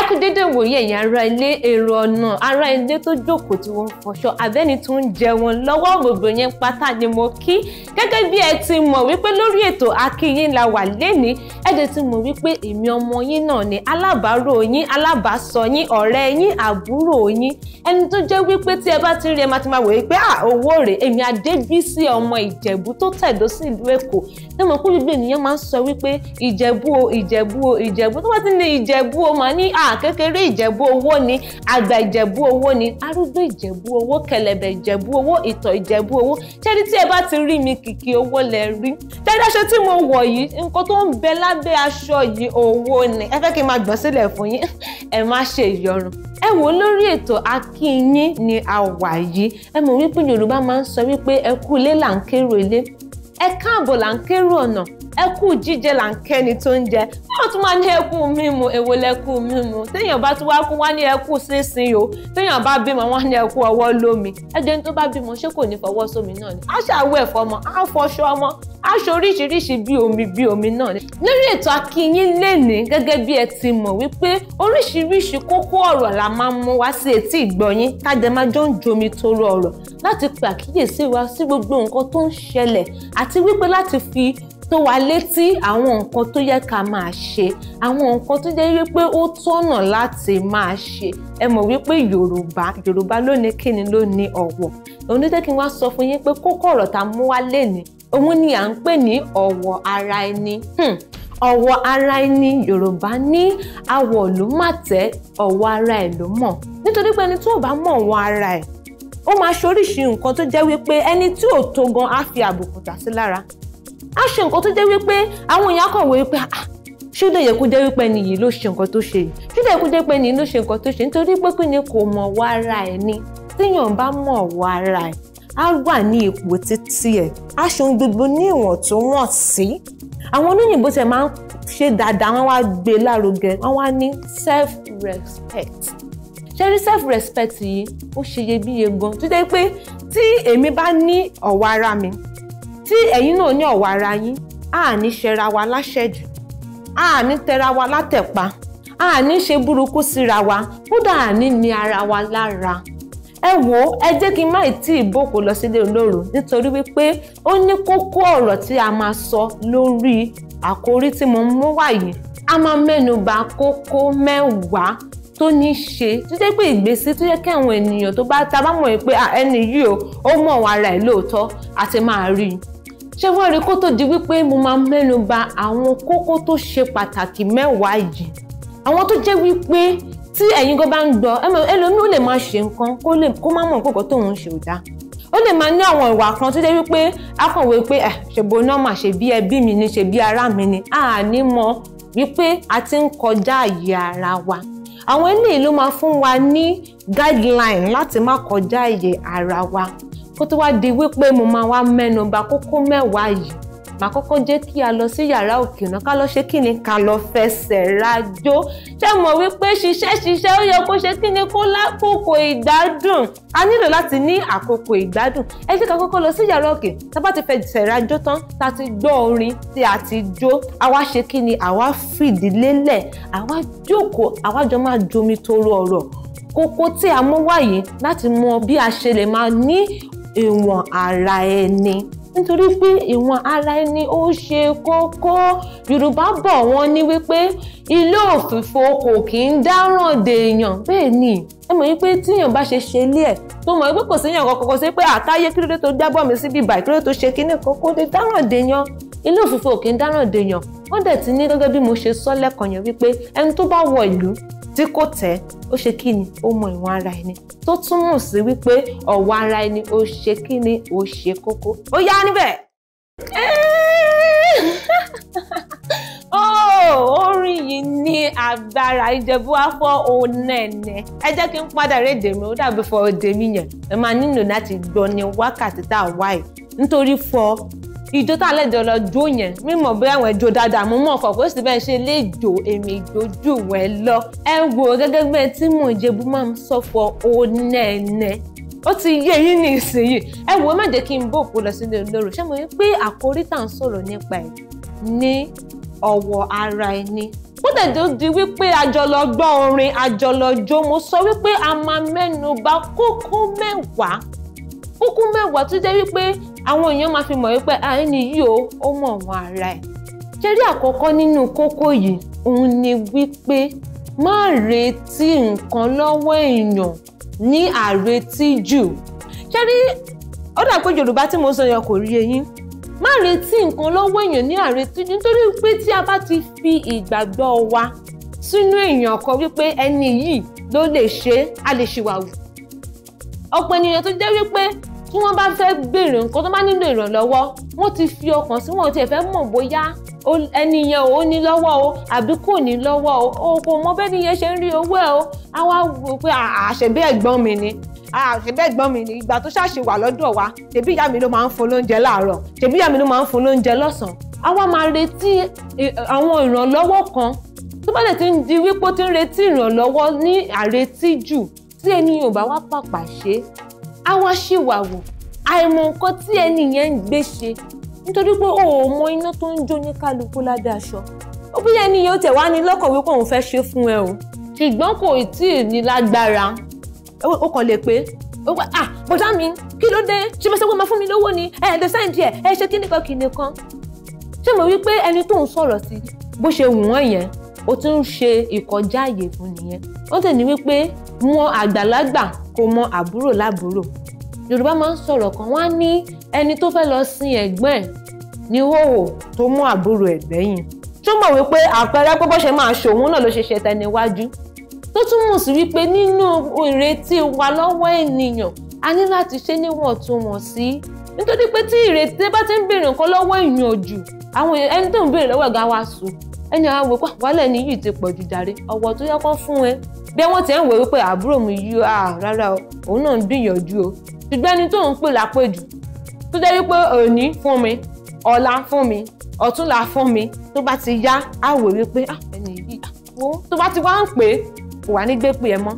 ẹ kú dédé ìwòye ẹ̀yin ará ilé èrò ọ̀nà ará ilé tó jókòó tí wọ́n fọṣọ abẹ́ni tó ń jẹ wọn lọ́wọ́ gbogbo yẹn pátá ni mo kí gẹ́gẹ́ bí ẹ ti mọ̀ wípé lórí ètò akíyín la wà lénìí ẹ dẹ̀ ti mọ̀ wípé èmi ọmọ yín náà ni alábàárò yín alábàásọ yín ọ̀rẹ́ yín àbúrò yín ẹni tó jẹ́ wípé tí ẹ bá ti rí ẹ máa ti máa wò wípé à owó rè èmi Adébísí ọmọ Ìjẹ̀bú tó tẹ̀dó sí ìlú Èkó ẹ mọ̀ pé gbogbo ènìyàn máa ń sọ wípé Ìjẹ̀bú o Ìjẹ̀bú o Ìjẹ̀bú tó bá ti ní Ìjẹ̀bú o máa ní à kékeré ìjẹ̀bú owó ni àgbà ìjẹ̀bú owó ni arúgbó ìjẹ̀bú owó kẹlẹ̀bẹ̀ ìjẹ̀bú owó ìtọ̀ ìjẹ̀bú owó ṣẹ́ni tí ẹ bá ti rí mi kìkì owó lẹ rí ṣẹ́ni aṣọ tí mo wọ̀ yìí nǹkan tó ń bẹ lábẹ́ aṣọ yìí owó ni ẹ fẹ́ kí n máa gbọ̀n sílẹ̀ fún yín ẹ má ṣe ìyọrùn ẹ wò lórí ètò akínyín ni àwà yìí ẹ mọ̀ wípé Yorùbá máa ń sọ wípé ẹ ilé là ń kérò ilé ẹ káàbọ̀ là ń kérò ọ̀nà ẹ kú jíjẹ là ń kẹ́ni tó ń jẹ wọ́n tún máa ní ẹ kú mímu èwo lẹ kú mímu téèyàn bá tún wá kú wá ní ẹ kú sínsìn o téèyàn bá bímọ wọ́n ní ẹ kú ọwọ́ lómi ẹgbẹ́ tó bá bímọ ṣé kò ní fọwọ́ sómi náà ni aṣọ àwọ̀ ẹ̀fọ́ ọmọ afọṣọ ọmọ aṣọ oríṣiríṣi bí omi bí omi náà ni. lórí ètò akínyín lẹ́ni gẹ́gẹ́ bí ẹ ti mọ̀ wípé oríṣiríṣi kókó ọ̀rọ̀ la máa mú wá sí etí ìgbọ̀nyín kájẹ máa jọ ń jomi toro ọ̀rọ̀ láti pè àkíyèsí wa sí gbogbo nǹkan tó ń ṣẹlẹ̀ àti àti wípé láti fi tó wa létí àwọn nǹkan tó yẹ ká máa ṣe àwọn nǹkan tó jẹ́ wípé ó tọ̀nà láti máa ṣe ẹ mọ̀ wípé yorùbá yorùbá ló ní kíni ló ní ọ̀wọ̀ òun wá sọ fún yín pé kókó ọ̀rọ̀ mú wá lénìí òun ni à ń pè ní ọ̀wọ̀ ara ẹni hmm. ọ̀wọ̀ ara ẹni yorùbá ní àwọ̀ ló má tẹ́ ọ̀wọ̀ ara ẹ̀ ló mọ̀ nítorí pé ẹni tó bá mọ̀ ọ̀wọ̀ ara ẹ̀ ó máa ṣoríṣi nǹkan tó jẹ́ wípé ẹni tí ò tó gan á fi àbùkù dà sí lára á ṣe nǹkan tó jẹ́ wípé àwọn èèyàn kàn wọ wípé ah, ṣé ó lè yẹ kó jẹ́ wípé ẹni yìí ló ṣe nǹkan tó ṣe yìí ṣé ó lè yẹ kó jẹ́ pé ẹni yìí ló ṣe nǹkan tó ṣe nítorí pé kí ni kò mọ̀ wá ara ẹ̀ ni téèyàn bá mọ̀ wá ara ẹ̀ á wà ní ipò títí ẹ̀ á ṣe ohun gbogbo ní ìwọ̀n tó wọ̀n sí àwọn olóyìnbó tẹ̀ máa ń ṣe dáadáa wọ́n wá gbé lárugẹ wọ́n wá ní self respect ṣẹ́rí self respect yìí ó ṣe iyebíye gan tó jẹ́ pé tí èmi bá ní ọ̀wọ̀ ara mi tí ẹ̀yin náà ní ọ̀wọ̀ ara yín a ní ṣẹra wa láṣẹ̀jù a ní tẹra wa látẹ̀pa a ní ṣe burúkú síra wa kódà a ní ní ara wa lára ẹ wò ẹ jẹ́ kí n má tí ì bòkó lọ sílé olóró nítorí wípé ó ní kókó ọ̀rọ̀ tí a máa sọ lórí àkórí tí mo mú wá a máa mẹ́nu bà kókó mẹ́wàá tó ní í ṣe tó jẹ́ pé ìgbésí tó yẹ kí àwọn ènìyàn tó bá ta bá mọ̀ pé ẹni yìí o ó mọ̀ wá ara ẹ̀ lóòótọ́ àti máa rí i ṣé wọ́n rí kó tó di wípé mo máa mẹ́nu bà àwọn kókó tó ṣe pàtàkì mẹ́wàá yìí àwọn tó jẹ́ wípé tí ẹ̀yin gan bá ń gbọ́ ẹlòmíì ó lè máa ṣe nǹkan kó má mọ̀ nǹkan tóun ṣe ò dáa ó lè máa ní àwọn ìwà kan tó dé wípé akọ̀wé pé ẹ̀ ṣèbó nọ́mà ṣe bí ẹbí mi ni ṣe bí ará mi ni àní mọ̀ wípé a ti ń kọjá àyè ara wa àwọn eléyìí ló máa fún wa ní guideline láti má kọjá iye ara wa kó tó wá di wípé mo máa wá mẹ́nu kókó mẹ́wàá yìí màá kọ́kọ́ jẹ́ kí a lọ sí yàrá òkè ọ̀nà ká lọ ṣe kí ni ká lọ fẹsẹ̀ rajó ṣé mọ̀ wípé ṣiṣẹ́ ṣiṣẹ́ ó yẹ kó ṣe kí ni kó lákòókò ìgbádùn a nílò láti ní àkókò ìgbádùn ẹ jẹ́ ká kọ́kọ́ lọ sí yàrá òkè tá bá ti fẹsẹ̀ rajó tán tá ti gbọ́ orin tí a ti jó àwa ṣe kí ni àwa fìdílélẹ̀ àwa jókòó àwa máa jomi toro ọ̀rọ̀ kókó tí a mú wáyé láti mọ bí a ṣe lè máa ní ìwọ̀n ara ẹni nítorí pé ìwọ̀n ara ẹni ó ṣe kókó yorùbá bọ̀ wọ́n ní wípé ilé òfìfo kò kì í dáràn dèèyàn bẹ́ẹ̀ ni ẹ mọ̀ wípé tíyàn bá ṣe ṣe ilé ẹ̀ tó mọ̀ wípé kò síyàn kankan kò sí pé àtàyè kí ló dé tó dábọ̀ mi síbi ìbà kí tó ṣe kíní kan dé dáràn dèèyàn ilé òfìfo kì í dáràn dèèyàn wọ́n dẹ̀ ti ní gẹ́gẹ́ bí mo ṣe sọ lẹ́kàn yẹn wípé ẹni tó bá wọ ìlú tí kò tẹ́ ó ṣe kí ni ó mọ ìwọ̀n ara ẹni tó túmọ̀ sí wípé ọ̀wọ̀ ara ẹni ó ṣe kí ni ó ṣe kókó ó yá níbẹ̀. Oh, orin yìí ní agbára ìjẹ̀bú afọ́ onẹ́ẹ̀nẹ́ ẹ jẹ́ kí n padà rédè mi ó dàbí fọ òde yẹn ẹ máa nílò láti gbọ́ ní wákàtí tá a wá yìí nítorí fọ ìjó tá a lẹ́jọ́ lọ jó yẹn mímọ̀ bí àwọn ẹjọ́ dáadáa mo mọ̀ kọ̀ọ̀kan sì bẹ́ẹ̀ ṣe lè jó èmi ìjójú wọn lọ. ẹ wo gẹ́gẹ́ bẹ́ẹ̀ tí mò ń jẹ bú máa ń sọ̀fọ̀ onẹ́ẹ̀nẹ́ ó ti yé yín ní ìsinyìí ẹ wo má jẹ́ kí n bò kó lọ sílé olóró ṣé mo rí pé àkórí tá à ń sọ̀rọ̀ nípa ẹ̀ ní ọ̀wọ̀ ara ẹni bó tẹ̀dọ̀ di wípé àjọlọ gbọ́ orin àjọlọ jó mo sọ wípé a máa mẹ́nu bà kókó mẹ́wàá kókó mẹ́wàá tó jẹ́ wípé àwọn èèyàn máa fi mọ̀ wípé àìní yìí o ó mọ̀ wọn ara ẹ̀ ṣé rí àkọ́kọ́ nínú kókó yìí òun ni wípé má retí nǹkan lọ́wọ́ èèyàn ní àretí jù ṣé rí ó dà pé Yorùbá tí mo sọ yẹn kò rí eyín má retí nǹkan lọ́wọ́ èèyàn ní àretí jù nítorí pé tí a bá ti fi ìgbàgbọ́ wa sínú èèyàn kan wípé ẹni yìí ló lè ṣe é a lè ṣìwà wù ọ̀pọ̀ ènìyàn tó jẹ́ wípé tí wọ́n bá fẹ́ béèrè nǹkan tó bá nílò ìrànlọ́wọ́ wọ́n ti fi ọkàn sí wọn ti ẹ̀fẹ́ mọ̀ bóyá ẹni yẹn ò ní lọ́wọ́ o àbí kò ní lọ́wọ́ o o kò mọ bẹ́ẹ̀ ni yẹn ṣe ń rí owó ẹ̀ o á wá wò pé àṣẹbẹ́ ẹ̀gbọ́n mi ni àṣẹbẹ́ ẹ̀gbọ́n mi ni ìgbà tó ṣàṣe wà lọ́dọ̀ wa ṣèbí ìyá mi ló máa ń fún lóúnjẹ láàárọ̀ ṣèbí ìyá mi ló máa ń fún lóúnjẹ lọ́sàn-án á wá máa retí àwọn ìrànlọ́wọ́ kan tó bá lè ti ń di wípé ó ti ń retí ìrànlọ́wọ́ ní àretí jù tí ẹni yóò bá wá pàpà ṣe á wá àìmọ̀ nǹkan tí ẹni yẹn ń gbé ṣe nítorí pé o ò mọ iná tó ń jó ní kálukú lábẹ́ aṣọ ó bí ẹni yóò tẹ̀ wá ní lọ́kàn wípé òun fẹ́ ṣe fún ẹ o ṣùgbọ́n kò tí ì ní lágbára ó kàn lè pé ó wá à ah, bọ́dá mi kí ló dé ṣé mo ṣe pé máa fún mi lówó ni ẹ ẹ̀ lè sẹ́ǹdì ẹ̀ ẹ ṣe kíníkan kìnìkan ṣé mo wí pé ẹni tó ń sọ̀rọ̀ sí bó ṣe wù wọ́n yẹn o tún ń ṣe ìkọjá àyè fún nìyẹn ó sì ní wípé mọ àgbàlagbà kò mọ àbúrò lábúrò yorùbá máa ń sọ̀rọ̀ kan wá ní ẹni tó fẹ́ lọ sin ẹ̀gbọ́n ẹ̀ ní hòhò tó mú àbúrò ẹ̀ gbẹ̀yìn túmọ̀ wípé àpẹẹrẹ pé bó ṣe máa ṣòun náà ló ṣe ṣe tẹni iwájú tó túmọ̀ sí wípé nínú ìrètí wa lọ́wọ́ ènìyàn a ní láti ṣe níwọ̀ntúnwọ̀nsí nítorí pé tí ìrètí bá ti ń béèrè nǹkan lọ́wọ́ èèyàn jù àwọn ẹni tó ń béèrè lọ́wọ́ ẹ̀ wa sùn ẹni àwọn wò pé wàhálà ẹni yìí ti pọ̀jù jàre ọwọ́ tó yẹ kó fún ẹ bí wọ́n ti ń wò wípé àbúrò mi yí ọ rárá o òun náà ń gbìyànjú o ṣùgbọ́n ẹni tó ń pè lápèjù tó jẹ́ wípé òní fún mi ọ̀la fún mi ọ̀túnla fún mi tó bá ti yá á wò wípé ẹni yìí wo tó bá ti wá ń pè é kò wá ní gbé pè é mọ́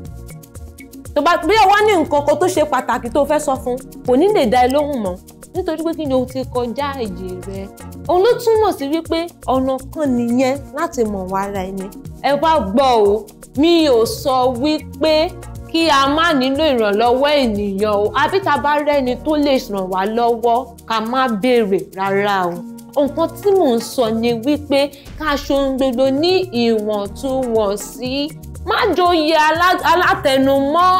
tó bá bí ọwọ́ ní nǹkan kan tó ṣe pàtàkì tó fẹ́ sọ fún kò ní lè dá ẹ lóhùn mọ́ nítorí pé kí ni o ti kọjá àyè rẹ òun ló túmọ̀ sí wípé ọ̀nà kan nìyẹn láti mọ̀ wá ara ẹni ẹ wá gbọ́ o mi ò sọ wípé kí a má nílò ìrànlọ́wọ́ ènìyàn o àbí tá a bá rẹ́ni tó lè ràn wá lọ́wọ́ ká má béèrè rárá o nǹkan tí mò ń sọ ni wípé ká ṣohun gbogbo ní ìwọ̀ntúnwọ̀nsí má joyè alátẹnumọ́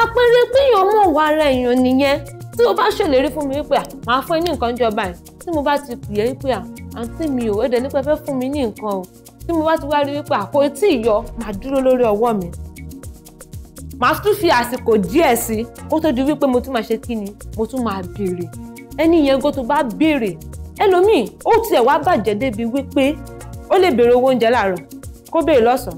àpẹẹrẹ pé èèyàn mọ̀ wá ara èèyàn nìyẹn tí o bá ṣèlérí fún mi wípé à máa fún ẹ ní nǹkan jọba ẹ tí mo bá ti pè é wípé à àǹtí mi ò ẹ̀dẹ̀ nípa fẹ́ fún mi ní nǹkan o tí mo bá ti wá rí wípé àpò etí ìyọ máa dúró lórí ọwọ́ mi màá tún fi àsìkò díẹ̀ sí kó tó di wípé mo tún máa ṣe kí ni mo tún máa béèrè ẹni yẹn gó tó bá béèrè ẹlòmíì ó tiẹ̀ wá bàjẹ́ débi wípé ó lè béèrè owó oúnjẹ láàárọ̀ kó béèrè lọ́sàn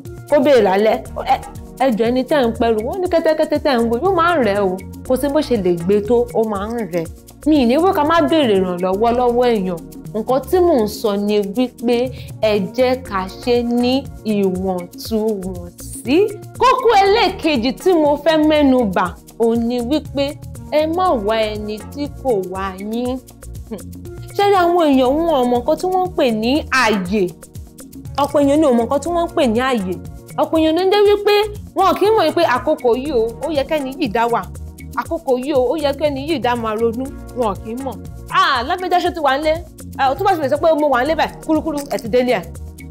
ẹjọ́ ẹni tẹ́ ń pẹ̀rù wọ́n ní kẹ́tẹ́kẹ́tẹ́ tẹ́ ń wo yóò máa ń rẹ̀ o kò sí bó ṣe lè gbé tó ó máa ń rẹ̀ mi ì ní wọ́n ká má béèrè ìrànlọ́wọ́ lọ́wọ́ èèyàn nǹkan tí mò ń sọ ni wípé ẹ jẹ́ ká ṣe ní ìwọ̀ntúnwọ̀nsí. kókó ẹlẹ́ẹ̀kejì tí mo fẹ́ mẹ́nu bà òun ni wípé ẹ má wá ẹni tí kò wá yín. Hmm. ṣẹ́rí àwọn èèyàn wọn ọmọ nǹkan tí wọ́n ń pè ní àyè ọ̀pọ̀ èèyàn ní ọmọ nǹkan tí wọ́n ń pè ní àyè ọ̀pọ̀ èèyàn ló ń dé wípé wọn kì í mọ̀ wípé àkókò yìí o ó yẹ kẹ́ni yìí dá wà àkókò yìí o ó yẹ kẹ́ni yìí dá máa ronú wọn kì í mọ̀ ah lágbèjà ṣe ti wà nílé tó bá ti lè sọ pé mo wà nílé báyìí kúrúkúrú ẹ̀ ti délé ẹ̀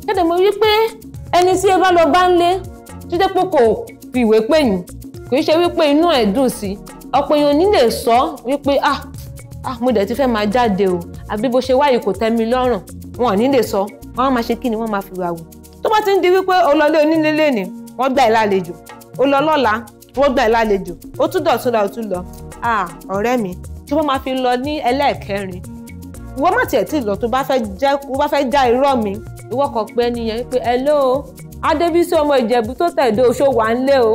kéde mo wípé ẹni tí ẹ bá lọ bá ń lé tó jẹ́ pé kò fìwé pè yín kì í ṣe wípé inú ẹ̀ dùn sí ọ̀pọ̀ èèyàn ní lè sọ wípé ah ah mo dẹ̀ ti fẹ́ máa jáde o àbí bó ṣe wáyé kò tẹ́ mi lọ́rùn wọn ò ní lè sọ wọn á máa ṣe kí ni wọ́n máa fi wà wò bá ti ń di wípé o lọ lé onílé lẹ́ni wọ́n gbà ẹ́ lálejò o lọ lọ́la wọ́n gbà ẹ́ lálejò ó tún dọ̀ tún lọ tún lọ ah ọ̀rẹ́ mi tí wọ́n máa fi lọ ní ẹlẹ́ẹ̀kẹrin ìwọ má tiẹ̀ tí ì lọ tó bá fẹ́ já irọ́ mi ìwọ kàn pé ẹnìyẹn pé hello adébísí ọmọ ìjẹ̀bú tó tẹ̀dó oṣó wà ń lé o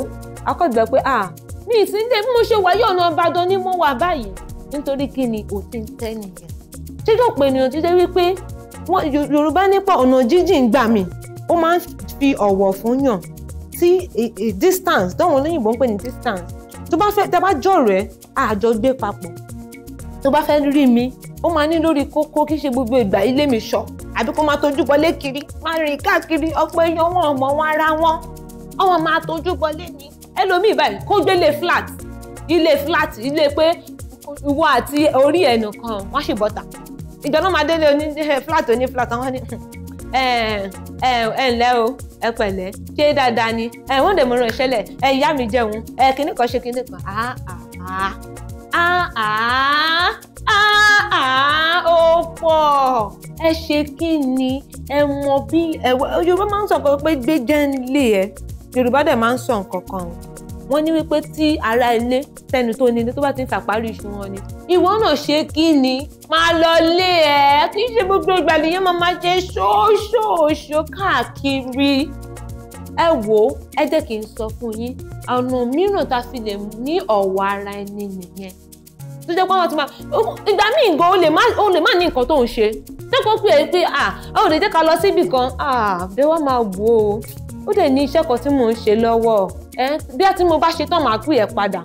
akọ́gbẹ́ pé ah mi ìsín dé bí mo ṣe wà yóò náà bàdàn ní mo wà báyìí nítorí kí ni òtí ń tẹ́ nìyẹn ṣé yóò pé ènìyàn ti dé wípé yorùbá nípa ọ̀nà jíjìn gbà mí ó máa ń fi ọ̀wọ̀ fún yàn tí distance dọ́wọ́n olóyìnbó ń pè ní distance tó bá fẹ́ tá a bá jọ̀rẹ́ àjọ gbé papọ̀ tó bá fẹ́ rí mi ó máa ní lórí kókó kí ṣe gbogbo ìgbà ilé mi ṣọ àbí kó máa tójú bọlé kiri máa rìn káàkiri ọ̀pọ̀ èèyàn wọn ọmọ wọn ara wọn ọmọ máa tójú bọlé ni ẹlòmíì báyìí kó gbélé flat ilé flat ilé pé ìwọ àti orí ẹnìkan wọn ṣì bọ́ta ìjọba máa délé oní eh, flat oní flat àwọn ni ẹ ẹ ǹlẹ́ o ẹ pẹ̀lẹ́ ṣé dáadáa ni ẹ wọ́n dẹ̀ mọ ọ̀rọ̀ ìṣẹ̀lẹ̀ ẹ ìyá mi jẹun ẹ kinní kan ṣe kinní kan àá àá àá àá ó pọ̀ ẹ ṣe kí ni ẹ mọ bí ẹ Yorùbá máa ń sọ nǹkan pé gbé jẹ́ ń lé ẹ Yorùbá dẹ̀ máa ń sọ nǹkan kan o wọ́n ní wípé tí ará ilé tẹnu tó ní tó bá ti ń tàpárí iṣu wọn ni ìwọ náà ṣe kí ni máa lọ lé ẹ kì í ṣe gbogbo ìgbà nìyẹn máa máa ṣe ṣóṣóṣó káàkiri ẹ wò ó ẹ jẹ́ kí n sọ fún yín ọ̀nà mìíràn tá a fi lè ní ọ̀wọ̀ ara ẹni nìyẹn tó jẹ́ pé wọ́n ti máa ìgbà míì gan o lè má ní nǹkan tó ń ṣe tẹ́kọ̀ọ́ pé ẹ pé à ẹ ò lè jẹ́ ká lọ síbì kan à bẹ́ẹ̀ wá máa wò ó ó dẹ̀ ní iṣẹ́ kan tí mò ń ṣe lọ́wọ́ bí a ti mo bá ṣe tán màá pè ẹ́ padà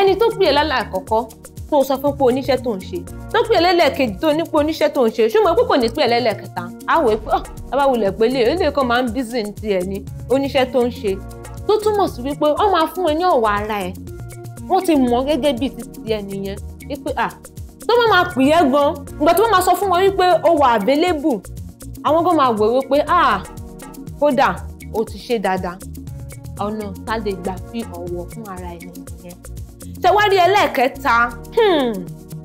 ẹni tó pè ẹ́ lálẹ́ àkọ́kọ́ tó sọ fún pé oníṣẹ́ tó ń ṣe tó pè lẹ́lẹ́kejì tó ní pé oníṣẹ́ tó ń ṣe ṣùgbọ́n pé kò ní pè lẹ́lẹ́kẹta àwọ̀ pé ọ̀ bàbá wulẹ̀ pé lè ilé kan máa ń bízì ní tiẹ̀ ni oníṣẹ́ tó ń ṣe tó túmọ̀ sí wípé wọ́n máa fún ẹ ní ọ̀wọ̀ ara ẹ̀ wọ́n ti mọ̀ gẹ́gẹ́ bíi títí ẹ nìyẹn wípé à tó bá máa pè é gan ìgbà tó bá máa sọ fún wọn wípé ó wà available àwọn gan máa wò wípé à kódà ó ti ṣe dáadáa ọ̀nà tá a lè gbà fi ọ̀wọ̀ fún ara ẹni nìyẹn. Hmm. ṣẹ̀wádìí ẹlẹ́ẹ̀kẹta hmm.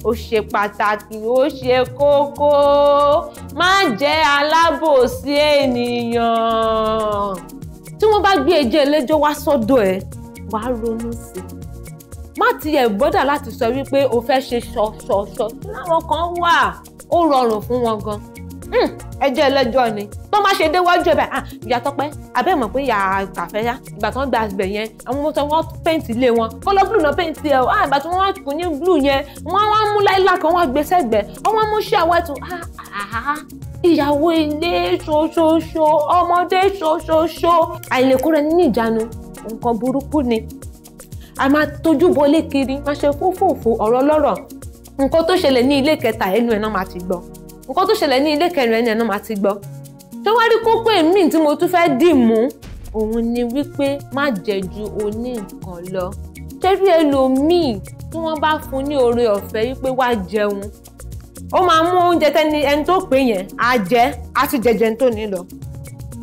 ó ṣe pàtàkì ó ṣe kókó má jẹ́ alábòsí ènìyàn. tí wọ́n bá gbé ẹjẹ́ ẹlẹ́jọ́ wá sọ́dọ̀ ẹ̀ wàá ronú sí i má tiẹ̀ gbọ́dọ̀ láti sọ wípé o fẹ́ ṣe ṣọṣọṣọ láwọn kan wà ó rọrùn fún wọn gan-an Hmm, ẹjọ́ ẹlẹ́jọ́ ni tó má ṣe déwájú ẹ bẹ́ẹ̀ ah ìyá Tọ́pẹ́ abẹ́ mọ̀ pé ìyá àfẹ́yá ìgbà tó ń gba ibẹ̀ yẹn àwọn ọmọ tó wọ́n paint ilé wọn kọ́lọ́ blue náà paint ẹ̀ ah ìgbà tó wọ́n wá kù ní blue yẹn wọ́n wá mú láìlá kan wọ́n gbé sẹ́gbẹ̀ẹ́ wọ́n mú ṣé àwọn ẹ̀tún ah ìyàwó ilé ṣoṣoṣo ọmọdé ṣoṣoṣo àìlèkúrẹ́ ní ìjánu nǹkan burúkú ni a máa tójú bo ilé kiri máa ṣe fófòfò ọ̀rọ̀ lọ́rọ̀ nǹkan tó ṣẹlẹ̀ ní ilé kẹta ẹnu ẹ̀ náà máa ti gbọ́ nǹkan tó ṣẹlẹ̀ ní ilé kẹrin ẹni ẹ̀nà máa ti gbọ́ ṣé wá rí kókó èmi tí mo tún fẹ́ dì mú òun ni wípé má jẹ ju oní nǹkan lọ ṣẹ́rí ẹlòmíì tí wọ́n bá fún ní oore ọ̀fẹ́ wípé wá jẹun ó máa mú oúnjẹ tẹni ẹni tó pè yẹn á jẹ á tún jẹjẹ tó ní lọ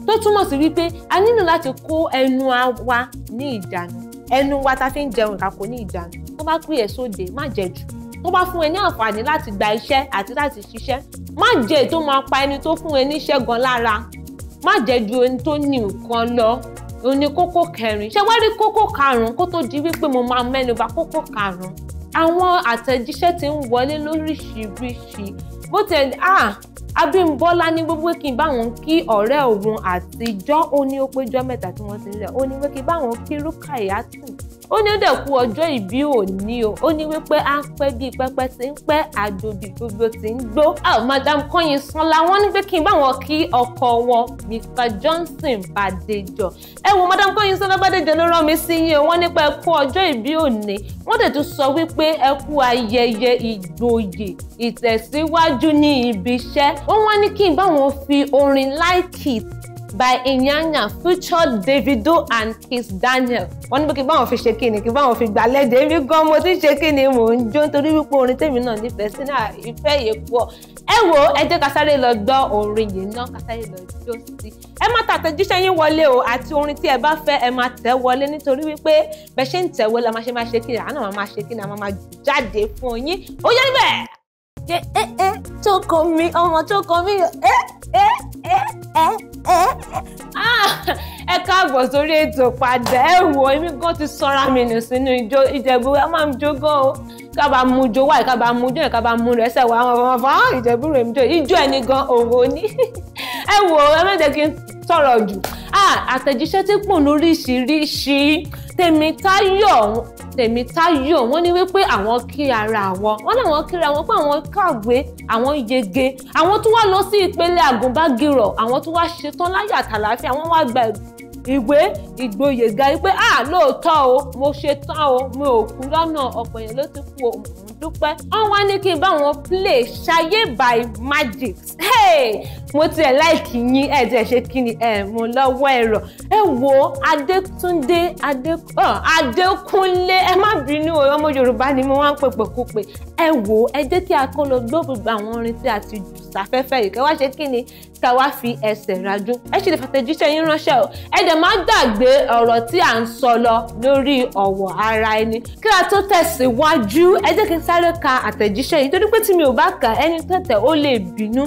tó túmọ̀ sí wípé a nílò láti kó ẹnu wa ní ìjánu ẹnu wa ta fi ń jẹun ìkàkó ní ìjánu tó bá pè ẹ́ sóde má jẹ jù tó bá fún ẹ ní àǹfààní láti gba iṣẹ́ àti láti ṣiṣẹ́ má jẹ́ tó máa pa ẹni tó fún ẹ níṣẹ́ gan lára má jẹ́ ju ẹni tó ní nǹkan lọ òun kókó kẹrin ṣé wàá rí kókó karùn-ún kó tó di wípé mo máa mẹ́nuba kókó karùn-ún àwọn àtẹ̀jíṣẹ́ ti ń wọlé lóríṣiríṣi bó tẹ̀ ah Abímbọ́lá ní gbogbo kí n bá wọn kí ọ̀rẹ́ òun àtijọ́ ó ní ó péjọ mẹ́ta tí wọ́n ti ń ó ní pé kí n bá wọn kí Rúkàyátù ó ní ó dẹ̀ kú ọjọ́ ìbí òní o ó ní wípé à ń pẹ́ bíi pẹ́pẹ́ tí ń pẹ́ àjò gbogbo tí ń gbó. madam Kọ́yìnsọ́lá wọ́n ní pé kí n bá wọn kí ọkọ wọn Mr Johnson Bàdéjọ ẹ wo madam Kọ́yìnsọ́lá Bàdéjọ ló rán mi sí yín o wọ́n nípa ẹ kú ọjọ́ ìbí òní wọ́n dẹ̀ tún sọ wípé ẹ kú ayẹyẹ ìgboyè ìtẹ̀síwájú ní ibi iṣẹ́ ó wọ́n ní kí n bá wọn fi orin láìkì by Inyanya featured Davido and Kiss Daniel. wọ́n ní pé kí báwọn fi ṣe kíni kí báwọn fi gbalẹ̀ dèmí gan mo ti ṣe kíni mò ń jó nítorí wípé orin tèmi náà nífẹ̀ẹ́ sí náà ìfẹ́ yẹn pọ̀. ẹ wo ẹ jẹ́ ká sáré lọ gbọ́ orin yìí náà ká sáré lọ jó sí. ẹ má tàtẹ̀jíṣẹ́ yín wọlé o àti orin tí ẹ bá fẹ́ ẹ máa tẹ̀ wọlé nítorí wípé bẹ́ẹ̀ ṣe ń tẹ̀wé la máa ṣe máa ṣe kíni àánà máa máa ṣe kíni àmọ́ máa jáde fún yín ó yẹ níbẹ̀ ẹ ẹ ẹ tókò mi ọmọ tókò mi ẹ ẹ ẹ ẹ ẹ. ẹ káàbọ̀ sórí ètò padà ẹ wò èmi gan ti sọ́ra mi nù sínú ìjọ ìjẹ̀bú ẹ máa ń jó gan o kábà mú jó wáyé kábà mú jó ẹni gan òwò ni ẹ wo, ẹ mẹ́jẹ̀ kí n sọ̀rọ̀ jù àtẹ̀jíṣẹ́ tí pọ̀ lóríṣiríṣi tèmítáyọ̀ tèmítáyọ̀ wọ́n ní wípé àwọn kí ara wọn wọ́n láwọn kíra wọn pé àwọn kàwé àwọn yege àwọn tó wá lọ sí ìpele àgùnbágirọ̀ àwọn tó wá ṣetán láyà àtàlàáfíà wọ́n wá gba ìwé ìgboyè ga wípé à lóòótọ́ o mo ṣetán o mi ò kú lọ́nà ọ̀pọ̀ yẹn ló ti kú o dúpẹ́ wọ́n wá ní kí n bá wọn play ṣayé by magic hey mo tiẹ̀ láìkì yín ẹ̀ tiẹ̀ ṣe kí ni mo lọ́wọ́ ẹ̀rọ ẹ wo Adétúndé Adékúnlé ẹ má bínú ọmọ Yorùbá ni mo wá ń pèpè kúpè ẹ wò ó ẹ jẹ́ kí a kó lọ gbọ́ gbogbo àwọn orin tí a ti jù sáfẹ́fẹ́ yìí kẹ́ wá ṣe kí ni ká wá fi ẹsẹ̀ rájú ẹ ṣe lè fàtẹ̀jíṣẹ́ yín ránṣẹ́ o ẹ dẹ̀ má gbàgbé ọ̀rọ̀ tí à ń sọ lọ lórí ọ̀wọ̀ ara ẹni kí a tó tẹ̀síwájú ẹ jẹ́ kí n sáré ka àtẹ̀jíṣẹ́ yìí torí pé tí mi ò bá kà ẹni tẹ̀tẹ̀ ó lè bínú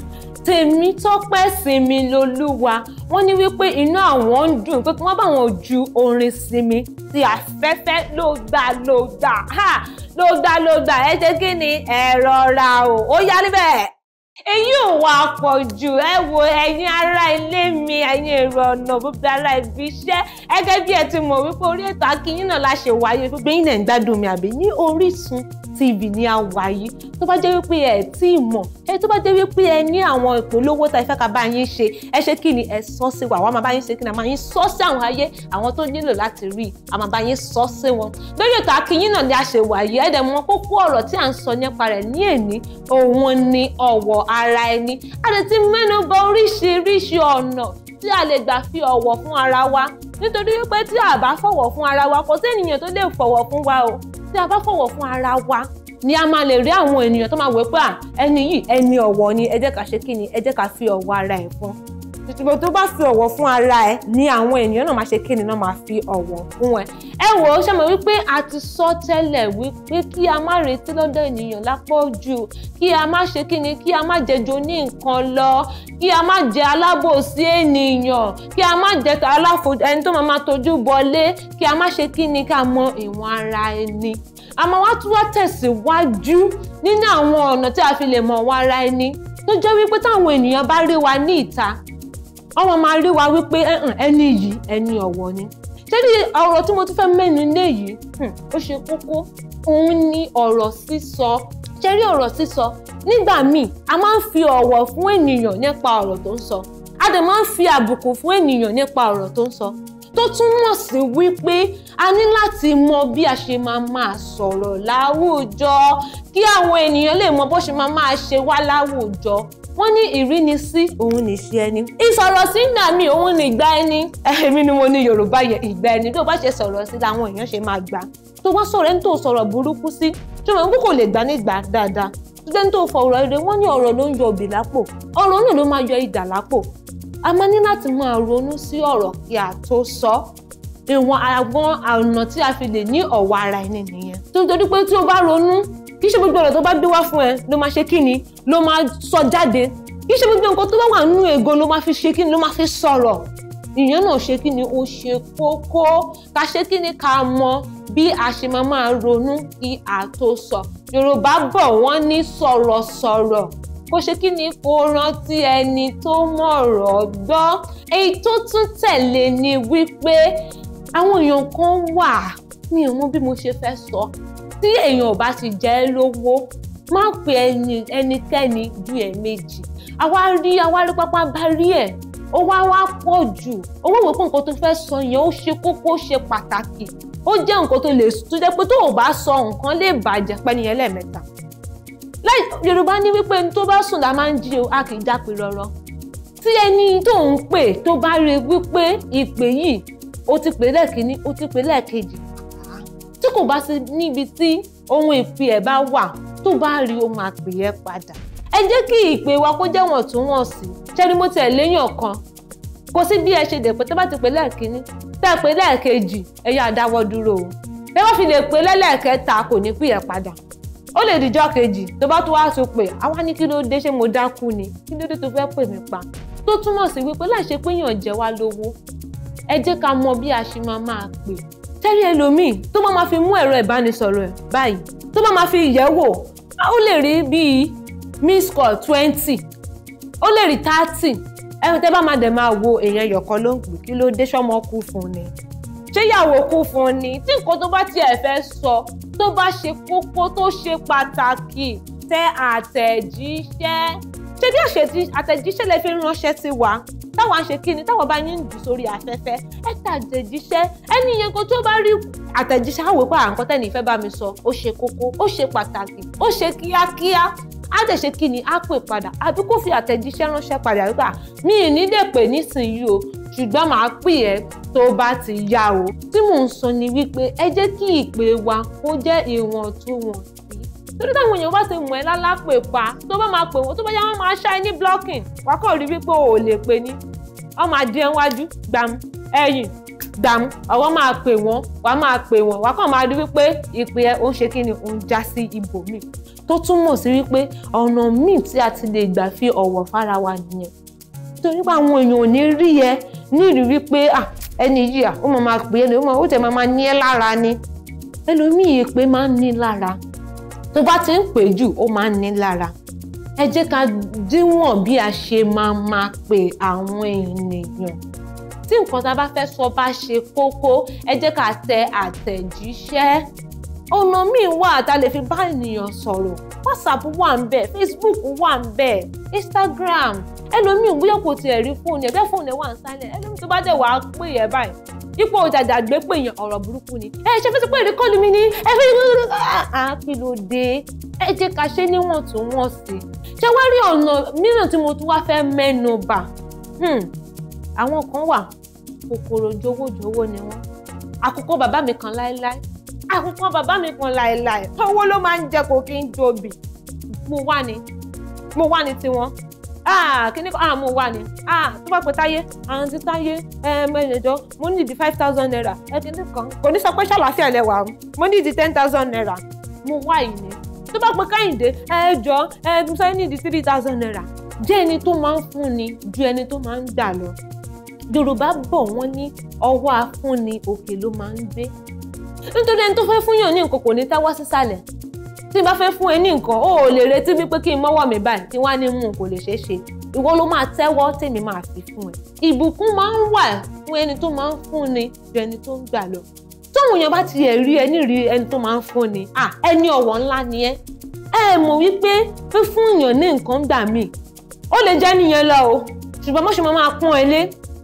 Tèmítọ́pẹ́ Sinmi lolúwa wọ́n ní wípé inú àwọn ń dùn pé kí wọ́n bá wọn ju orin sinmi ti afẹ́fẹ́ ló gbà ló gbà ha ló gbà ló gbà ẹ jẹ́ kí ni ẹ rọra o ó yá níbẹ̀ èyí ò wá pọ̀ jù ẹ wo ẹ̀yin ará ilé mi ẹ̀yin èrò ọ̀nà gbogbo ara ibi iṣẹ́ gẹ́gẹ́ bí ẹ ti mọ̀ wípé orí ètò akínyìn náà la ṣe wáyé gbogbo yín náà ń gbádùn mi àbí ní Orísun TV ní àwáyé tó bá jẹ́ wípé ẹ tí ì mọ̀ ẹ tó bá jẹ́ wípé ẹ ní àwọn ìpolówó tá ẹ fẹ́ ká bá yín ṣe ẹ ṣe kí ni ẹ sọ sí wa àwọn àbáyín ṣe kí ni àbáyín sọ sí àwọn ayé àwọn tó nílò láti rí àwọn àbáyín sọ sí wọn lórí ètò akínyìn náà ni a ṣe wáyé ẹ dẹ̀ mọ̀ kókó ọ̀rọ̀ tí à ń sọ nípa rẹ̀ ní èní òun ni ọ̀wọ̀ ara ẹni a dẹ̀ ti mẹ́nu bà oríṣiríṣi ọ̀nà tí a lè gbà fi ọ̀wọ̀ fún ara wa nítorí wípé tí a bá fọ̀wọ̀ fún ara wa kò sí ènìyàn tó lè fọ̀wọ̀ fún wa o tí a bá fọ̀wọ̀ fún ara wa ni a máa lè rí àwọn ènìyàn tó máa wò pé ẹni yìí ẹni ọ̀wọ̀ ni ẹ jẹ́ ká ṣe kí ni ẹ jẹ́ ká fi ọ̀wọ̀ ara ẹ̀ fún ìgbà tó bá fi ọ̀wọ̀ fún ara ẹ ni àwọn ènìyàn náà máa ṣe kí ni náà máa fi ọ̀wọ̀ fún ẹ. ẹ wò ó ṣe wípé a ti sọ tẹ́lẹ̀ wípé kí a má retí lọ́dọ̀ ènìyàn lápọ̀jù kí a má ṣe kí ni kí a má jẹ jo ní nǹkan lọ kí a má jẹ alábòsí ènìyàn kí a má jẹ aláfojú ẹni tó máa máa tọ́jú bọlé kí a má ṣe kí ni ká mọ ìwọ̀n ara ẹni àmọ́ wá tún wá tẹ̀síwájú nínú àwọn ọ̀nà tí a fi lè mọ̀ wọ́n ara ẹni tó jẹ́ wípé táwọn ènìyàn bá rí wa ní ìta ọmọ máa rí wa wípé ẹni yìí ẹni ọ̀wọ̀ ni torí ọ̀rọ̀ tí mo tún fẹ́ mẹ́nu lé yìí hmm, ó ṣe kókó òun ni ọ̀rọ̀ sísọ ṣe rí ọ̀rọ̀ sísọ nígbà míì a máa ń fi ọ̀wọ̀ fún ènìyàn nípa ọ̀rọ̀ tó ń sọ a dẹ̀ máa ń fi àbùkù fún ènìyàn nípa ọ̀rọ̀ tó ń sọ tó túmọ̀ sí wípé a ní láti mọ bí a ṣe máa máa sọ̀rọ̀ láwùjọ kí àwọn ènìyàn lè mọ bó ṣe máa máa ṣe wá láwùjọ wọ́n ní ìrínisí òun nìṣe ẹni ìsọ̀rọ̀ sí ńgbà mi òun ní ìgbà ẹni èmi ni mo ní Yorùbá yẹ ìgbà ẹni tó bá ṣe sọ̀rọ̀ sí làwọn èèyàn ṣe máa gbà tó wọ́n sọ̀rọ̀ ẹni tó sọ̀rọ̀ burúkú sí tó mọ̀ kókò lè gbà nígbà dáadáa tó jẹ́ ní tó fọ̀rọ̀ ire wọ́n ní ọ̀rọ̀ ló ń yọ òbí lápò ọ̀rọ̀ náà ló máa yọ idà lápò a máa ní láti máa ronú sí ọ̀rọ̀ kí a tó sọ ìwọ̀n àwọn ọ̀nà tí a fi lè ní ọ̀wọ̀ ara ẹni nìyẹn tó pé tí o bá ronú kì í ṣe gbogbo ọ̀rọ̀ tó bá gbé wá fún ẹ ló máa ṣe kí ni ló máa sọ jáde kì í ṣe gbogbo nǹkan tó bá wà nínú ego ló máa fi ṣe kí ló máa fi sọ̀rọ̀ ìyẹn náà ṣe kí ó ṣe kókó ká ṣe kí ká mọ bí a ṣe máa máa ronú kí a tó sọ Yorùbá bọ̀ wọ́n ní sọ̀rọ̀sọ̀rọ̀ kó ṣe kí kó rántí ẹni tó mọ̀rọ̀ gbọ́ èyí tó tún tẹ̀lé ni wípé àwọn èèyàn kan wà mi ò mọ bí mo ṣe fẹ́ sọ tí èèyàn ò bá ti jẹ ẹ́ lówó má pe ẹnikẹ́ni ju ẹ̀ẹ̀mejì àwa rí àwa rí pápá bá rí ẹ̀ ó wá wá pọ̀ jù owó ìwé pé nǹkan tó fẹ́ sọ yẹn ó ṣe kókó ó ṣe pàtàkì ó jẹ́ nǹkan tó lè tó jẹ́ pé tó o bá sọ nǹkan lè bàjẹ́ pẹ́niyẹn lẹ́ẹ̀mẹ́ta láì yorùbá ní wípé ní tó bá sùn la máa ń jí o a kì í jápe rọrọ tí ẹni tó ń pè tó bá rí wípé ìpè yìí ó ti pè lẹ́ẹ̀kínní ó ti pè lẹ́ẹ̀kejì kò bá ti níbi tí ohun ìpè ẹ̀ bá wà tó bá rí o máa pè ẹ́ padà ẹ jẹ́ kí ìpè wa kó jẹ́ wọ̀ntúnwọ̀nsì ṣẹ́ni mo tiẹ̀ léyàn kan kò sí bí ẹ ṣe dẹ̀ pé bá ti pè lẹ́ẹ̀kínní tẹ́ pè lẹ́ẹ̀kejì ẹ yá dáwọ́ dúró o tẹ́ bá fi lè pè lẹ́lẹ́ẹ̀kẹta kò ní pè ẹ́ padà ó lè dìjọ́ kejì tó bá tún wá sọ pé àwa ní kí ló dé ṣé mo dákú ni kí ló dé tó fẹ́ pè mí pa tó túmọ̀ sí wípé láì pé yàn jẹ wá lówó ẹ jẹ́ ká mọ bí a ṣe máa máa pè tẹ́rí ẹlòmíì tó bá máa fi mú ẹ̀rọ ìbánisọ̀rọ̀ ẹ̀ báyìí tó bá máa fi yẹ̀ wò ó lè rí bíi miss call twenty ó lè rí thirty ẹ̀rùn tẹ́ bá máa dẹ̀ máa wo èèyàn yọ̀kan ló ń gbè kí ló dé sọ́mọ kú fún ni ṣé ìyàwó kú fún ni tí nǹkan tó bá tiẹ̀ fẹ́ sọ tó bá ṣe kókó tó ṣe pàtàkì tẹ àtẹ̀jíṣẹ́ ṣé bí àtẹ̀jíṣẹ́ lè fi ránṣẹ́ sí wa táwa ń ṣe kí ni táwa bá yín jù sórí afẹ́fẹ́ ẹ tàtẹ̀jíṣẹ́ ẹni yẹn kan tó bá rí àtẹ̀jíṣẹ́ àwòrán pé àǹkọ́ tẹ́ni ìfẹ́ bá mi sọ ó ṣe kókó ó ṣe pàtàkì ó ṣe kíákíá á dẹ̀ ṣe kí ni á pè padà àbí kó fi àtẹ̀jíṣẹ́ ránṣẹ́ padà wípé mi ì ní lè pè nísìnyí o ṣùgbọ́n màá pè ẹ́ tó bá ti yá o tí mò ń sọ ni wípé ẹ jẹ́ kí ìpè wa kó jẹ́ ìwọ̀ntúnwọ̀n torí táwọn èèyàn bá ṣe mọ̀ ẹ́ lálápè pa tó bá máa pè wọ́n tó bá yá wọ́n máa ṣá ní blocking wàá kàn rí wípé o ò lè pè ní wọ́n máa di ẹ́ wájú gbàmù ẹ̀yìn gbàmù ọ̀wọ́ máa pè wọ́n wàá máa pè wọ́n wàá kàn máa rí wípé ìpè ẹ òun ṣe kí ni òun já sí ibòmíì tó túmọ̀ sí wípé ọ̀nà míì tí a ti lè gbà fi ọ̀wọ̀ fára wa nìyẹn torí pé àwọn èèyàn ò ní rí ẹ ní ìrírí pé ẹni yìí ó máa máa pè é ó tẹ̀ máa máa ní ẹ lára ni ẹlòmíì èpè máa ń ní lára tó bá ti ń pè jù ó máa ń ní lára ẹ jẹ́ ká díwọ̀n bí a ṣe máa máa pe àwọn ènìyàn tí nǹkan tá a bá fẹ́ sọ bá ṣe kókó ẹ jẹ́ ká tẹ àtẹ̀jíṣẹ́ ọ̀nà míì wà tá a lè fi bá ènìyàn sọ̀rọ̀ whatsapp wà ń bẹ̀ facebook wà ń bẹ̀ instagram ẹlòmíì bóyá kò tiẹ̀ rí fóònù ẹ̀ bẹ́ẹ̀ fóònù ẹ̀ wà ń sálẹ̀ ẹlòmíì tó bá dẹ̀ wàá pè yẹn báyìí ipò òjàjà gbé pè yẹn ọ̀rọ̀ burúkú ni ẹ ṣe fẹ́ sọ pé èrè kọ́lu mi ni ẹ fẹ́ ṣe à ah, ah, kí ló dé ẹ jẹ́ ká ṣe níwọ̀ntúnwọ̀nsì ṣé wá rí ọ̀nà mìíràn tí mo tún wá fẹ́ mẹ́nu bà hmm, àwọn kan wà kòkòrò jowójowó ni wọ́n àkókò bàbá mi kan láéláé àkùnfọn bàbá mi kan láéláé tọwọ́ ló máa ń jẹ kó kí n jobi mo wà ní mo wà ní tiwọn ah, kíní kan ah, mo wà ní ah, tó bá pẹ́ táyé àǹtí táyé ẹ̀ẹ́dẹ̀jọ́ mo ní ìdí five thousand naira ẹ̀kíní kan kò ní sọ pé ṣàlàfíà lẹ́wà mo ní ìdí ten thousand naira mo wà yìí ní tó bá pẹ́ káyìndé ẹ̀ẹ́dẹ̀jọ́ ẹ̀ẹ́dẹ̀jọ́ ní ìdí three thousand naira jẹ́ ẹni tó máa ń fúnni ju ẹni tó máa ń gbà lọ yorùbá bọ̀ wọ́n ní ọwọ́ afúnni òkè ló máa ń gbé nítorí ẹni tó fẹ́ fún yàn ní nǹkan kò ní táwọ́ sísàlẹ̀ tí n bá fẹ́ fún ẹ ní nǹkan ó lè retí wípé kí n mọ́wọ́ mi báyìí tí wọ́n á ní mú un kò lè ṣeé ṣe ìwọ ló máa tẹ́wọ́ tèmi máa fi fún ẹ ìbùkún máa ń wà fún ẹni tó máa ń fún ni ju ẹni tó ń gbà lọ tóun yẹn bá tiẹ̀ rí ẹni rí ẹni tó máa ń fún ni ẹni ọ̀wọ̀ ńlá ni ẹ ẹ mọ̀ wípé fífún yàn ní nǹkan gbà mí ó lè jẹ́ nìyẹn lọ o ṣùgbọ́n mọ́ṣọ́ máa pọ́n ẹ lé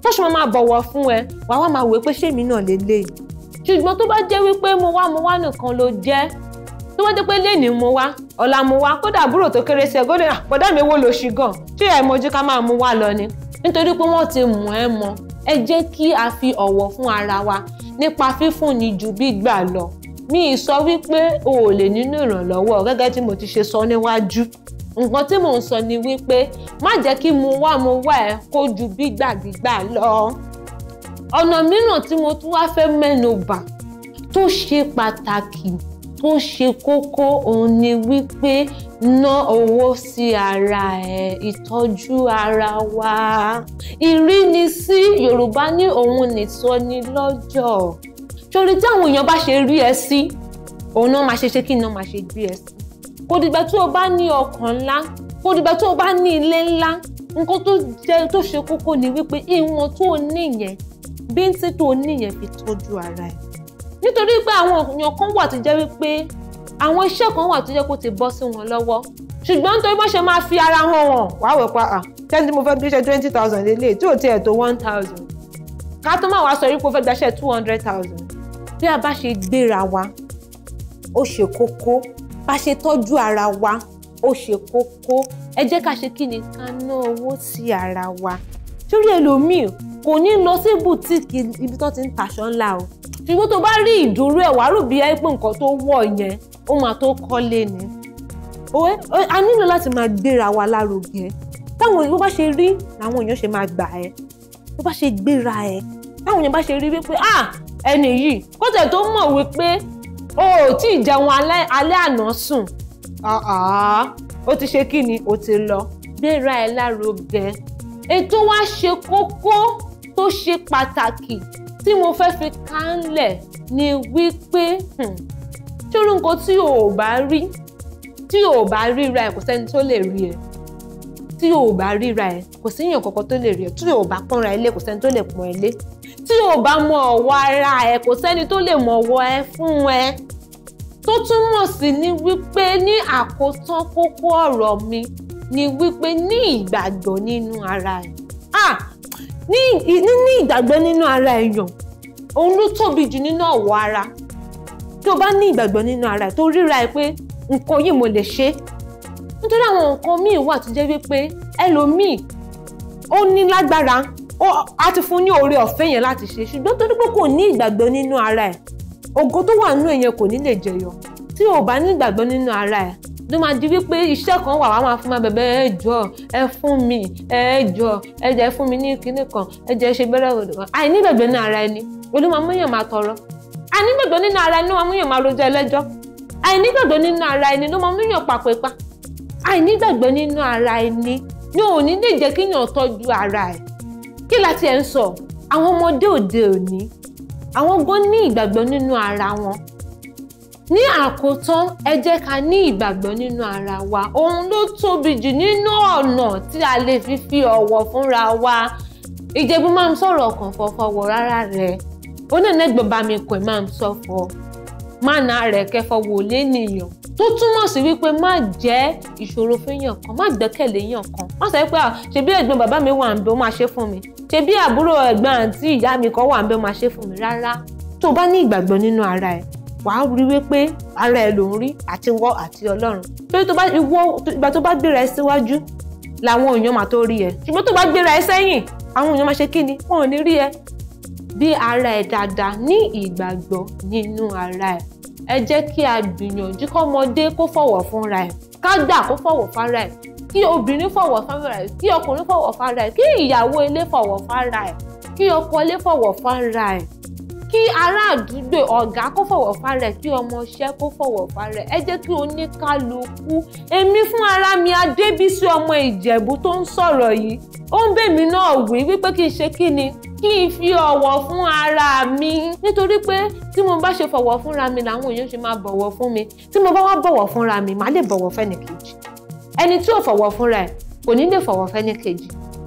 mọ́ṣọ́ máa bọ̀wọ̀ fún ẹ wàá wá máa wò pé ṣé èmi náà lè léyìí e ṣùgbọ́n tó bá jẹ́ wípé mo wá mo wá nìkan ló jẹ́ tó bá jẹ́ pé lẹ́nìí mo wá ọ̀la mo wá kódà àbúrò tó kéré sí ẹ gbọ́dọ̀ ah, àpọ̀dá mi wo lò sí gan ṣé ẹ mọjú ká máa mú wá lọ ni nítorí pé wọ́n ti mọ̀ ẹ́ mọ̀ ẹ jẹ́ kí a fi ọ̀wọ̀ fún ara wa nípa fífúnni ju gbígbà lọ mi ì sọ wípé o ò lè nínú ìrànlọ́wọ́ gẹ́gẹ́ tí mo ti ṣe sọ níwájú nǹkan tí mò ń sọ ni wípé má jẹ́ kí mo wá mo wá ẹ kó ju gbígbà gbígbà lọ ọ̀nà mìíràn tí mo tún wá fẹ́ mẹ́nu bà tó ṣe pàtàkì tó ṣe kókó òun ni wípé ná owó sí ara ẹ ìtọ́jú ara wa ìrínisí Yorùbá ní òun nìtọ́ ni lọ́jọ́ torí tí àwọn èèyàn bá ṣe rí ẹ sí òun náà máa ṣe ṣe kí iná máa ṣe gbé ẹ sí kò dìgbà tí o bá ní ọkàn ńlá kò dìgbà tí o bá ní ilé ńlá nǹkan tó ṣe kókó ni wípé ìwọ̀n tó ní yẹn bíntín tó níyẹn fi tọ́jú ara ẹ̀ nítorí pé àwọn èèyàn kan wà tó jẹ́ wípé àwọn iṣẹ́ kan wà tó jẹ́ kó ti bọ́ sí wọn lọ́wọ́ ṣùgbọ́n nítorí wọ́n ṣe máa fi ara hàn wọ́n wàá wẹ̀ pa à tẹ́lẹ̀ tí mo fẹ́ gbéṣẹ́ twenty thousand lélẹ̀ tí ò tiẹ̀ tó one thousand ká tó máa wàá sọ wípé o fẹ́ gbàṣẹ́ two hundred thousand bí a bá ṣe gbéra wa ó ṣe kókó bá ṣe tọ́jú ara wa ó ṣe kókó ẹ jẹ́ ká ṣe kí ni ká ná owó sí ara wa torí ẹlòmíì kò ní lọ sí bùtíìkì ibi tó ti ń taṣọ ńlá o ṣùgbọ́n tó bá rí ìdúró ẹ̀ wàá rò bí ẹ pé nǹkan tó wọ̀ yẹn ó máa tó kọ́lé ni òwe a nílò láti máa gbéra wa lárugẹ táwọn èèyàn bá ṣe rí làwọn èèyàn ṣe máa gbà ẹ bó bá ṣe gbéra ẹ táwọn èèyàn bá ṣe rí wípé ah ẹni yìí kó tẹ̀ tó mọ̀ wípé o ò tí ì jẹun alẹ́ àná sùn ó ti ṣe kí ni ó ti lọ gbéra ẹ lárugẹ ètò wa ṣe kókó tó ṣe pàtàkì tí mo fẹ́ fi kánlẹ̀ ni wípé hmm, ṣórí nǹkan tí o ò bá rí tí o ò bá ríra ẹ̀ kò sẹ́ni tó lè rí ẹ̀ tí o ò bá ríra ẹ̀ kò séèyàn kankan tó lè rí ẹ̀ tí o ò bá pọ́nra ẹ̀ lé kò sẹ́ni tó lè pọ́n ẹ̀ lé tí o bá mọ ọ̀wọ́ ara ẹ̀ kò sẹ́ni tó lè mọ ọ̀wọ́ ẹ fún ẹ tó túmọ̀ sí ni wípé ní àkótán kókó ọ̀rọ̀ mi ni wípé ní ìgbàgbọ́ nínú ara ẹ̀ ah níní ìgbàgbọ́ nínú ara èèyàn òun ló tóbi jù nínú ọ̀wọ́ ara tí o bá ní ìgbàgbọ́ nínú ara ẹ̀ tó ríra ẹ pé nǹkan yìí mo lè ṣe nítorí àwọn nǹkan míì wà tó jẹ́ wípé ẹlòmíì ó ní lágbára a ti fún ní oore ọ̀fẹ́ yẹn láti ṣe ṣùgbọ́n torí pé kò ní ìgbàgbọ́ nínú ara ẹ̀ ògo tó wà nínú èèyàn kò ní lè jẹyọ tí o bá ní ìgbàgbọ́ nínú ara ẹ̀ ló máa di wípé iṣẹ́ kan wà wá máa fún ma bẹ̀bẹ̀ ẹ jọ ẹ fún mi ẹ jọ ẹ jẹ́ fún mi ní kinní kan ẹ jẹ́ ṣe bẹ́rẹ̀ òdò kan àìní gbàgbọ́ ní ara ẹni olú máa múyàn máa tọrọ àìní gbàgbọ́ nínú ara ẹni ló máa múyàn máa rojọ́ ẹlẹ́jọ́ àìní gbàgbọ́ nínú ara ẹni ló máa múyàn pàpọ̀ ipa àìní gbàgbọ́ nínú ara ẹni ni ò ní lè jẹ́ kíyàn tọ́jú ara ẹ̀ kí la tiẹ̀ ń sọ àwọn ọmọdé òde òní àwọn gan ní ìgbàgbọ́ nínú ara wọn ní àkótán ẹ jẹ́ ká ní ìgbàgbọ́ nínú ara wa ohun ló tóbi jù nínú ọ̀nà tí a lè fi fi ọ̀wọ̀ fúnra wa ìjẹ̀bú máa ń sọ̀rọ̀ ọkàn fọfọwọ̀ rárá rẹ̀ onínàgbọ̀n bá mi kọ̀ ẹ̀ máa ń sọ fọ mánà rẹ̀ kẹfọwọ̀ lé nìyàn tó túmọ̀ sí wípé má jẹ́ ìṣòro fún yàn kan má gbẹ́kẹ̀lé yàn kan má sọ pé ṣebí ẹ̀gbọ́n bàbá mi wà ń bẹ ó máa ṣe fún mi ṣebí àbúrò ẹ̀gbọ́n àǹtí ìyá mi kan wà ń bẹ ó máa ṣe fún mi rárá tó o bá ní ìgbàgbọ́ nínú ara ẹ̀ wàá rí wípé ara ẹ ló ń rí àti wọ́ àti ọlọ́run torí tó bá ìwọ ìgbà tó bá gbéra ẹ síwájú làwọn èèyàn máa tó rí ẹ ṣùgbọ́n tó bá gbéra ẹ sẹ́yìn àwọn èèyàn máa ṣe kí ni wọn ò ní rí ẹ bí ara ẹ dáadáa ní ìgbàgbọ́ nínú ara ẹ ẹ jẹ́ kí a gbìyànjú kọ́mọdé kó fọ̀wọ̀ fúnra ẹ̀ ká gbà kó fọ̀wọ̀ fara ẹ̀ kí obìnrin fọ̀wọ̀ fara ẹ̀ kí ọkùnrin fọ̀wọ̀ fara ẹ̀ kí ìyàwó ilé fọ̀wọ̀ fara ẹ̀ kí ọkọ ilé fọ̀wọ̀ fara ẹ̀ kí ará àdúgbò ọ̀gá kó fọ̀wọ̀ farẹ̀ kí ọmọọṣẹ́ kó fọ̀wọ̀ farẹ̀ ẹ jẹ́ kí oníkálukú èmi fún ara mi adébísí ọmọ ìjẹ̀bú tó ń sọ̀rọ̀ yìí ó ń bèmí náà wí wípé kí n ṣe kí ni kí n fi ọ̀wọ̀ fún ara mi nítorí pé tí mo bá ṣe fọ̀wọ̀ fúnra mi làwọn èèyàn ṣe máa bọ̀wọ̀ fún mi tí mo bá wá bọ̀wọ̀ fúnra mi màá lè bọ̀wọ̀ fẹ́nìkejì ẹni tí ò fọ̀wọ̀ fúnra ẹ̀ kò ní lè fọ̀wọ̀ fẹ́nìkejì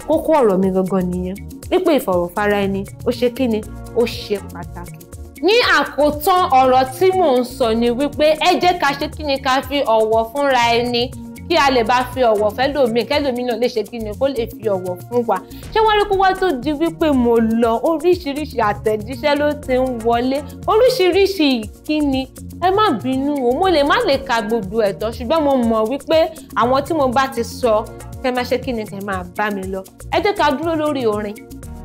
kókó ọ̀rọ̀ mi gangan nìyẹn wípé ìfọ̀rọ̀faraẹni ó ṣe kí ni ó ṣe pàtàkì ní àkótán ọ̀rọ̀ tí mò ń sọ ni wípé ẹ jẹ́ ká ṣe kí ni ká fi ọ̀wọ̀ fúnra ẹni kí a lè bá fi ọ̀wọ̀ fẹ́lòmíì kẹ́lòmíì náà lè ṣe kí ni kó lè fi ọ̀wọ̀ fún wa ṣé wọ́n rí kó wá tó di wípé mo lọ oríṣiríṣi àtẹ̀jíṣẹ́ ló ti ń wọlé oríṣiríṣi ìkíni ẹ má bínú o mo lè má lè ka gbogbo ẹ̀tọ́ ṣùgbọ́n mo mọ̀ wípé àwọn tí mo bá ti sọ kẹ́ máa ṣe kí ni kẹ́ máa bá mi lọ ẹ jẹ́ ká dúró lórí orin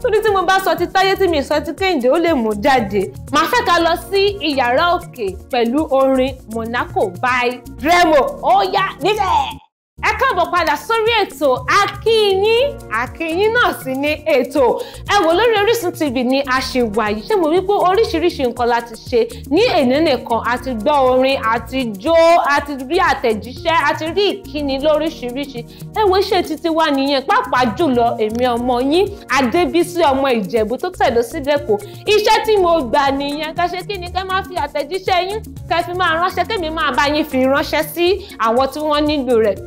torí tí mo bá sọ ti táyé tí mi sọ ti kẹ́hìndé ó lè mú jáde màá fẹ́ ká lọ sí ìyàrá òkè pẹ̀lú orin monaco by dremo ó yá níbẹ̀ ẹ káàbọ̀ padà sórí ètò akínyín akínyín náà sì ni ètò ẹ wò lórí Orísun TV ni a ṣe wà yìí ṣé mo wí pé oríṣiríṣi nǹkan la ti ṣe ní èní nìkan a ti gbọ́ orin a ti jó a ti rí àtẹ̀jíṣẹ́ a ti rí ìkíni lóríṣiríṣi ẹ wo iṣẹ́ títí wà nìyẹn pàápàá jùlọ èmi ọmọ yín Adébísí ọmọ Ìjẹ̀bú tó tẹ̀dó sí dẹ́kọ̀ iṣẹ́ tí mo gbà nìyẹn ká ṣe kí ni ká máa fi àtẹ̀jíṣẹ́ yín ká fi máa ránṣẹ́ kémi máa bá yín fi ránṣẹ́ sí àwọn tí wọ́n nílò rẹ̀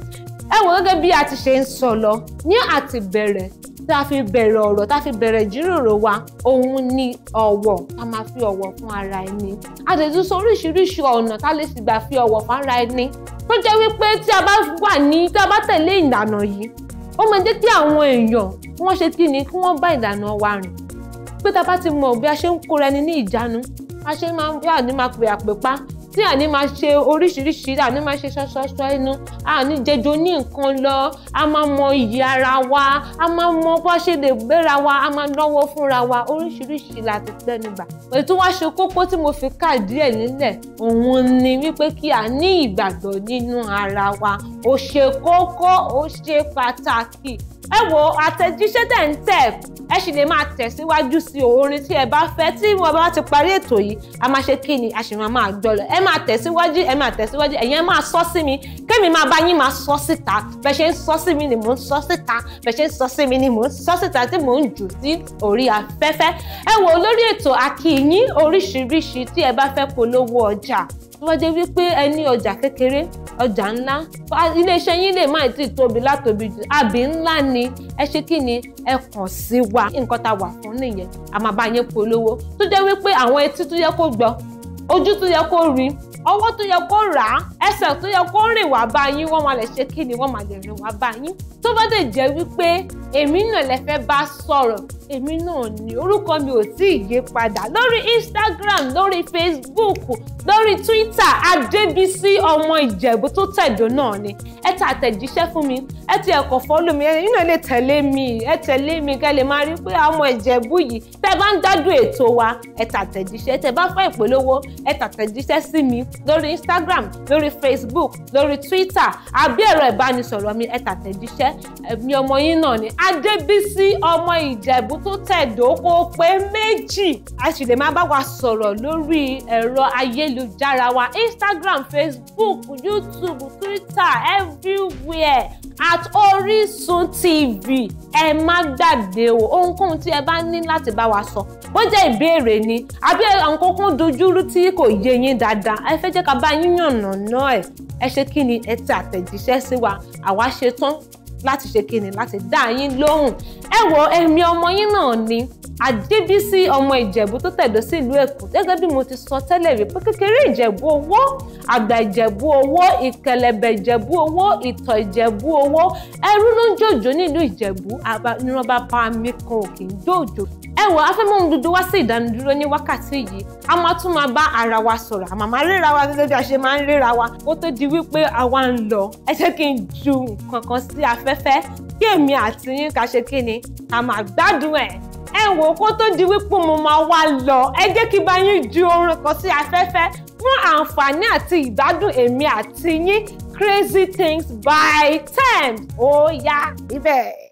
ẹ wò gẹ́gẹ́ bí a ti ṣe ń sọ lọ ní àtìbẹ̀rẹ̀ tá a fi bẹ̀rẹ̀ ọ̀rọ̀ tá a fi bẹ̀rẹ̀ ìjíròrò wa òun ni ọ̀wọ̀ tá a máa fi ọ̀wọ̀ fún ara ẹni a lè tún sọ oríṣiríṣi ọ̀nà tá a lè sì gbà fi ọ̀wọ̀ fún ara ẹni tó jẹ́ wípé tí a bá wà ní tí a bá tẹ̀lé ìlànà yìí ó máa jẹ́ kí àwọn èèyàn kí wọ́n ṣe kí ni kí wọ́n bá ìlànà wa rìn pé tá a bá ti mọ̀ bí a ṣe ń kóra ẹni ní ìjánu a ṣe máa ń bí àdé máa pè àpèpá tí àní máa ṣe oríṣiríṣi àní máa ṣe ṣaṣaṣa ẹnu àní jẹjọ ní nǹkan lọ a máa mọ iyì ara wa a máa mọ bá ṣe lè gbéra wa a máa náwó fúnra wa oríṣiríṣi láti tẹnu bà ètò wá ṣe kókó tí mo fi ká díẹ̀ nílẹ̀ òun ni wípé kí a ní ìgbàgbọ́ nínú ara wa ó ṣe kókó ó ṣe pàtàkì ẹ wo àtẹ̀jíṣẹ́ tẹ̀ ń tẹ̀ ẹ sì lè máa tẹ̀síwájú sí orin tí ẹ bá fẹ́ tí wọn bá ti parí ètò yìí a máa ṣe kí ni a sì máa máa jọlọ ẹ máa tẹ̀síwájú ẹ máa tẹ̀síwájú ẹ̀yin ẹ máa sọ sí mi kémi máa bá yín máa sọ síta bẹ́ẹ̀ ṣe ń sọ sí mi ni mò ń sọ síta bẹ́ẹ̀ ṣe ń sọ sí mi ni mò ń sọ síta tí mò ń jù sí orí afẹ́fẹ́ ẹ wo lórí ètò àkìíyín oríṣiríṣi tí ẹ bá fẹ́ polówó ọjà tó bá jẹ́ wípé ẹ ní ọjà kékeré ọjà ńlá iléeṣẹ́ yín lè má ti tóbi látóbi jù àbí ńlá ni ẹ ṣe kí ni ẹ kàn sí wa nǹkan tá a wà fún nìyẹn a máa bá yín polówó tó jẹ́ wípé àwọn etí tó yẹ kó gbọ́ ojú tó yẹ kó rí ọwọ́ tó yẹ kó rà á ẹsẹ̀ tó yẹ kó rìn wá bá yín wọ́n máa lè ṣe kí ni wọ́n máa lè rìn wá bá yín tó bá dẹ̀ jẹ́ wípé èmi náà lè fẹ́ bá sọ̀rọ̀ èmi náà ni orúkọ mi ò tí ì yé padà lórí Instagram lórí Facebook lórí Twitter Adébísí ọmọ Ìjẹ̀bú tó tẹ̀dó náà ni ẹ ta àtẹ̀jíṣẹ́ fún mi ẹ ti ẹ̀kọ́ fọ́lù mi ẹ̀yin náà lè tẹ̀lé mi ẹ tẹ̀lé mi kẹ́ lè máa rí pé ọmọ Ìjẹ̀bú yìí tẹ́ bá ń gbádùn ètò wa ẹ ta àtẹ̀jíṣẹ́ tẹ́ bá fẹ́ ìpolówó ẹ ta àtẹ̀jíṣẹ́ sí mi lórí Instagram lórí facebook lórí twitter àbí ẹ̀rọ ìbánisọ̀rọ̀ mi ẹ tàtẹ̀jíṣẹ́ ẹ̀mí ọmọ yín náà ni adébísí ọmọ ìjẹ̀bú tó tẹ̀dó kó pé méjì a sì lè máa bá wa sọ̀rọ̀ lórí ẹ̀rọ ayélujára wa instagram facebook youtube twitter everywhere at orísun tv ẹ má gbàgbé o ohunkóhun tí ẹ bá ní láti bá wa sọ bó jẹ́ ìbéèrè ni àbí àwọn kókó dojúrú tí kò yé yín dáadáa ẹ fẹ́ jẹ́ ká bá yín yànnà náà àwòrán ẹ̀ ẹ ṣe kí ni ẹ ti àtẹ̀jíṣẹ́ sí wa àwa ṣe tán láti ṣe kí ni láti dá yín lóhùn ẹ wo èmi ọmọ yín náà ni Àdébísí ọmọ Ìjẹ̀bú tó tẹ̀dó sí ìlú Èkó gẹ́gẹ́ bí mo ti sọ tẹ́lẹ̀ rí pé kékeré Ìjẹ̀bú owó àgbà Ìjẹ̀bú owó ìkẹlẹ̀bẹ̀ Ìjẹ̀bú owó ìtọ̀ Ìjẹ̀bú owó ẹrú ló ń jòjò nílùú Ìjẹ̀bú ìran bàbá mi kan ò kì jòjò ẹ wọ afẹ́mọ́hún dúdú wá sí ìdánidúró ní wákàtí yìí a máa tún máa bá ara wa sọ̀rọ̀ àmọ́ máa ríra wa gẹ́gẹ́ bí a ṣe máa ń ríra wa kó tó di wípé àwa ń lọ ẹ jẹ́ kí n ju nǹkan kan sí afẹ́fẹ́ kí èmi àti yín ká ṣe kí ni a máa gbádùn ẹ̀ ẹ wò kó tó di wípé mo máa wá lọ ẹ jẹ́ kí bá yín ju orin kan sí afẹ́fẹ́ fún àǹfààní àti ìgbádùn èmi àti yín crazy things by ten ó yá ibẹ̀.